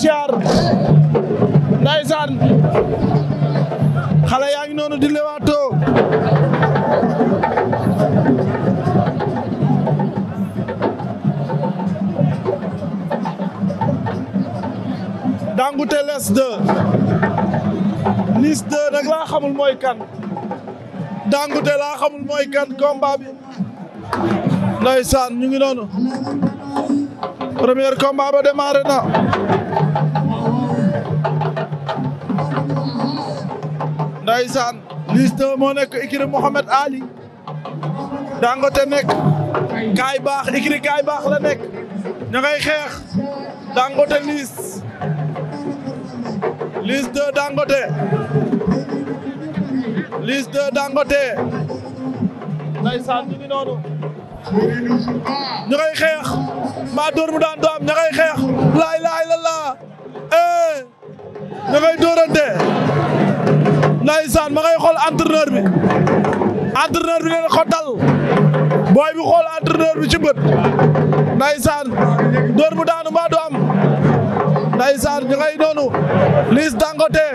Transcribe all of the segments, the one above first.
ziar ndaysaan xale yaa ngi noonu di lewaatoo Dangote les 2 Liss 2 laa xamul mooy kan Dangote laa xamul mooy kan combat bi ndaysaan ñu ngi noonu premier combat ba démarré na ndaysaan Liss 2 moo nekk ikiri Mouhamed Ali Dangote nekk kaay baax ikiri kaay baax la nekk ña xeex Dangote Liss Liss 2 Dangote Liss 2 Dangote ndaysaan ñu ngi noonu ña xeex mbaa dóor mu daan doom ña xeex laay laay la laa eh ña ndeysaan ma ngay xool entraîneur bi entraîneur bi ngeen ko dal booy bi xool entraîneur bi ci door mu daanu mbaa du am ndeysaan noonu liis dangote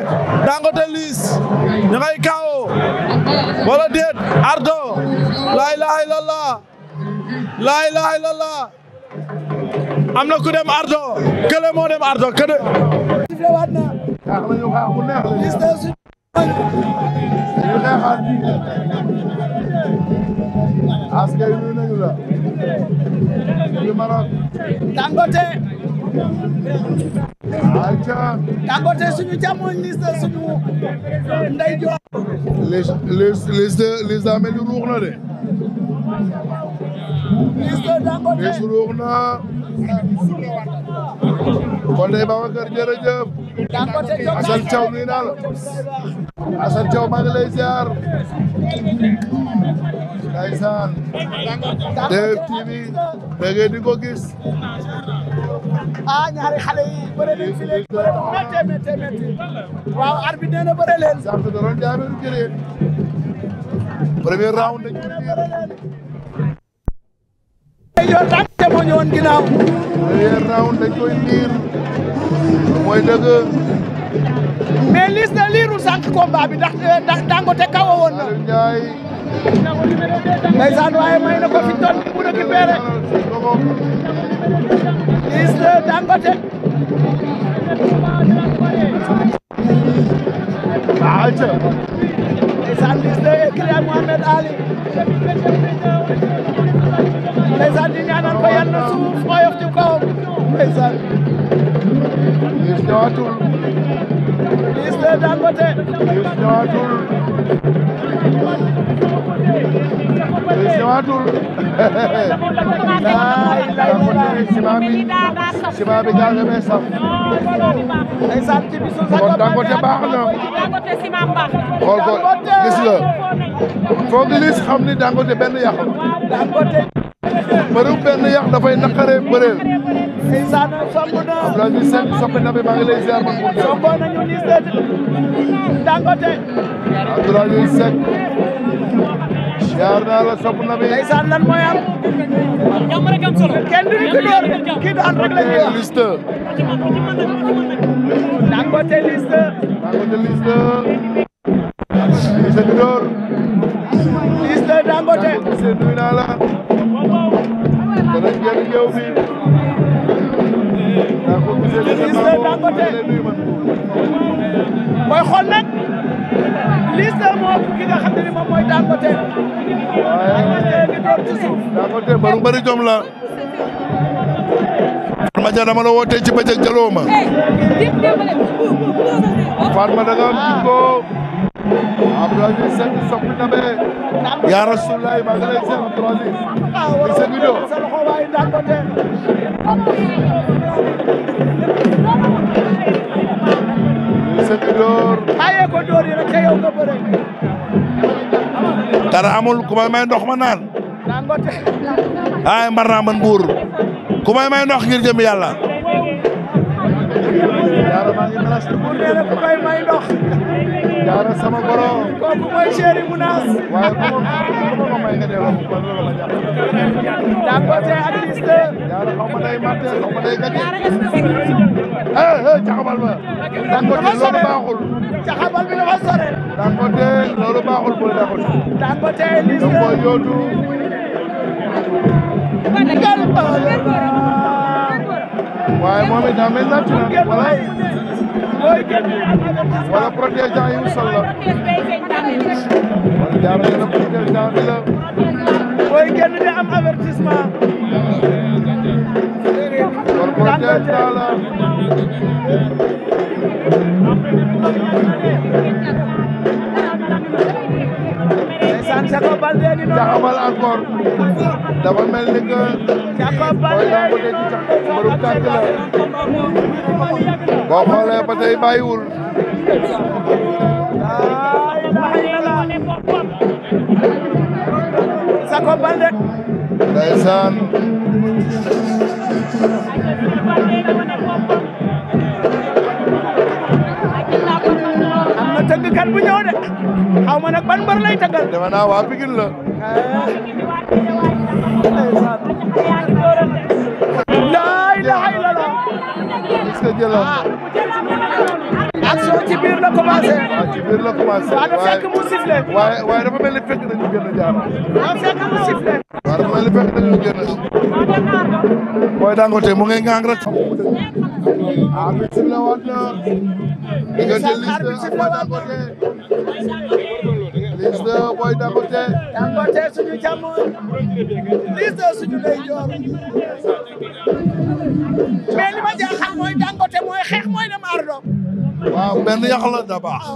dangote liis ñu kaawo wala déet ardo laa ilaha illallah laa am na ku dem ardo kële moo ñu xeexaat askan wi nuyu nañu la ñu maroon Dangote Dangote suñu jamono lis na suñu ndey joor lis lis lis de lis daa ruux na de lis de Dangote Konte Babacar jërëjëf Assane Thiaw nuyu naa la Assane Thiaw maa ngi lay ziar ndeysaan TF TV léegi di ko gis ah ñaari xale yi bëre leen fi léegi bëre bu métti métti métti waaw arbitre nee na bëre leen sant da doon jaay lu jëree premier round dañu moo ñëwoon ginnaaw. première round dañ liir mooy dëgg. mais Liss na eh, Dangote kawo woon na. ndeysaan waaye may na ko fi toon bu récupéré. Liss na Dangote. waaw ndeysaan liis ñëwaatul liis le Dangote liis ñëwaatul liis ñëwaatul laay Dangote ciment bi ciment bi jaase bee saf ndeysaan ci bisu kon Dangote baax na xool ko gis la foo ngi liis xam ni Dangote benn yàq Dangote bëriw benn yàq dafay naqaree na Abdoulaye Seck soppe na bi maa ngi lay ziar man pour yow. somboon nañu ni seet Dangote. naa la sopp bi. ndeysaan lan mooy kenn du ki door ki daan rek la ñuy wax. liste. Dangote liste. Dangote liste. liste bi door. liste Dangote. naa la. géew moo ki nga xam ne mooy Dangote di jom la Fatma Dia dama la wootee ci bëccëg jaloo ma Fatma da Abdou Aziz Seck soppi na be yaa Rasulullah maa ngi lay seet Abdou Aziz i seen vidéo i seen vidéo aye ko door yi rek ca yow nga bëre dara amul ku may may ndox ma naan ay mbar naa man buur ku may may ndox ngir jëm yàlla yaa maa ngi melas buur nee na ku may may ndox jaara sama goro kooku mooy chéri Mounass waaye ko ko may nga delloo ko loolu la jàpp Dangote artiste jaara xaw ma day matte ma day gaje eh eh caxabal ba Dangote loolu baaxul caxabal bi dafa sore Dangote loolu baaxul bul Dangote Dangote artiste ko yootu waaye moom wala protégeant yi mu sol la wala jaara yéen a protégeant bi la booy génn de am avertissement kon protégeant la jaxamal encore dafa mel ni que mbarum tànk la boo xoolee ba tey bàyyiwul Sako Balde ndeysaan am na tëggkat bu ñëw de xaw ma nag ban mbër lay tëggal defe naa waa Pikine la ah. laa ilaaha illallah action ci biir la commencé. waaw ci biir la commencé. waaye waaye fekk mu sifflé. waaye waaye dafa mel ni fekk nañu génn jaar. waaw fekk mu sifflé. waaw dafa mel ni fekk nañu génn. booy Dangote mu ngi ngang rek. ah bi sifflé woon na. diggante Liss 2 ak booy Dangote. Liss 2 booy Dangote. suñu càmmoñ liis la suñu lay joor ma jaaxal mooy Dangote mooy xeex mooy dem ardo waaw benn yàq la da baax oh,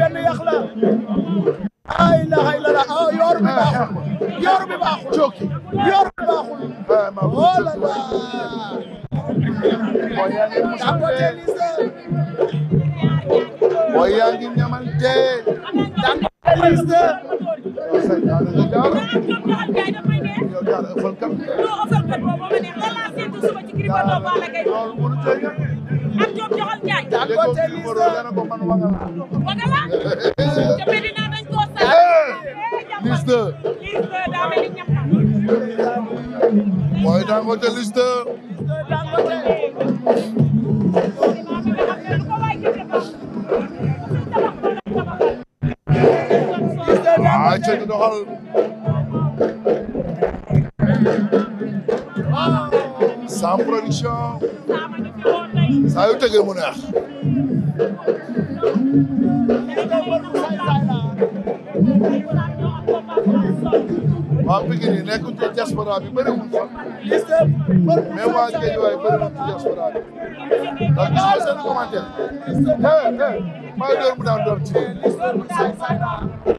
benn yàq la ay laxay la la ah yoor bi baaxul ah, yoor bi baaxul cooki yoor bi baaxul ah, oh Boy Dangote liste. Boy Dangote. commencé di doxal Sam Production saa yu tëggee mu neex waa Pikine yi nekk ci diaspora bi bëriwul fa mais waa Guédiawaye bëriwul ci diaspora bi ndax gis nga seen commentaire eh eh maa ngi doon mu daan doon ci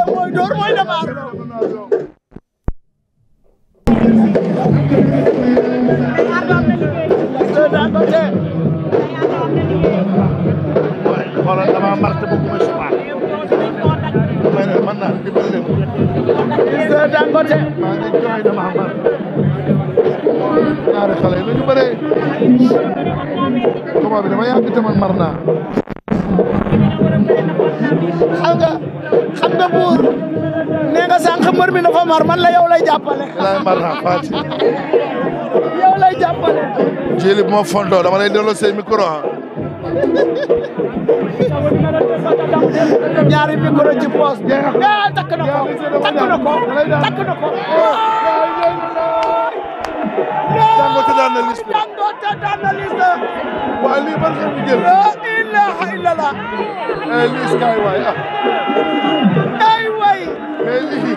ñaari dama xam ñaari xale yi nañu bëree combat bi dama yàgg te man mar naa xam nga xam nga buur nee nga sànq mbër mi dafa mar man la yow lay jàppale lay mar naa Fatick yow lay jàppale jili bu ma fontoo dama lay delloo say micro ah. ñaari micro ci poos takk na ko takk na ko takk na ko Dangote daan na liste Dangote daan na liste waa lii ban xeetu jël la ilaha illallah eh liste kay waay ah ay waay mais lii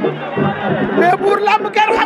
mais pour lamb kenn xam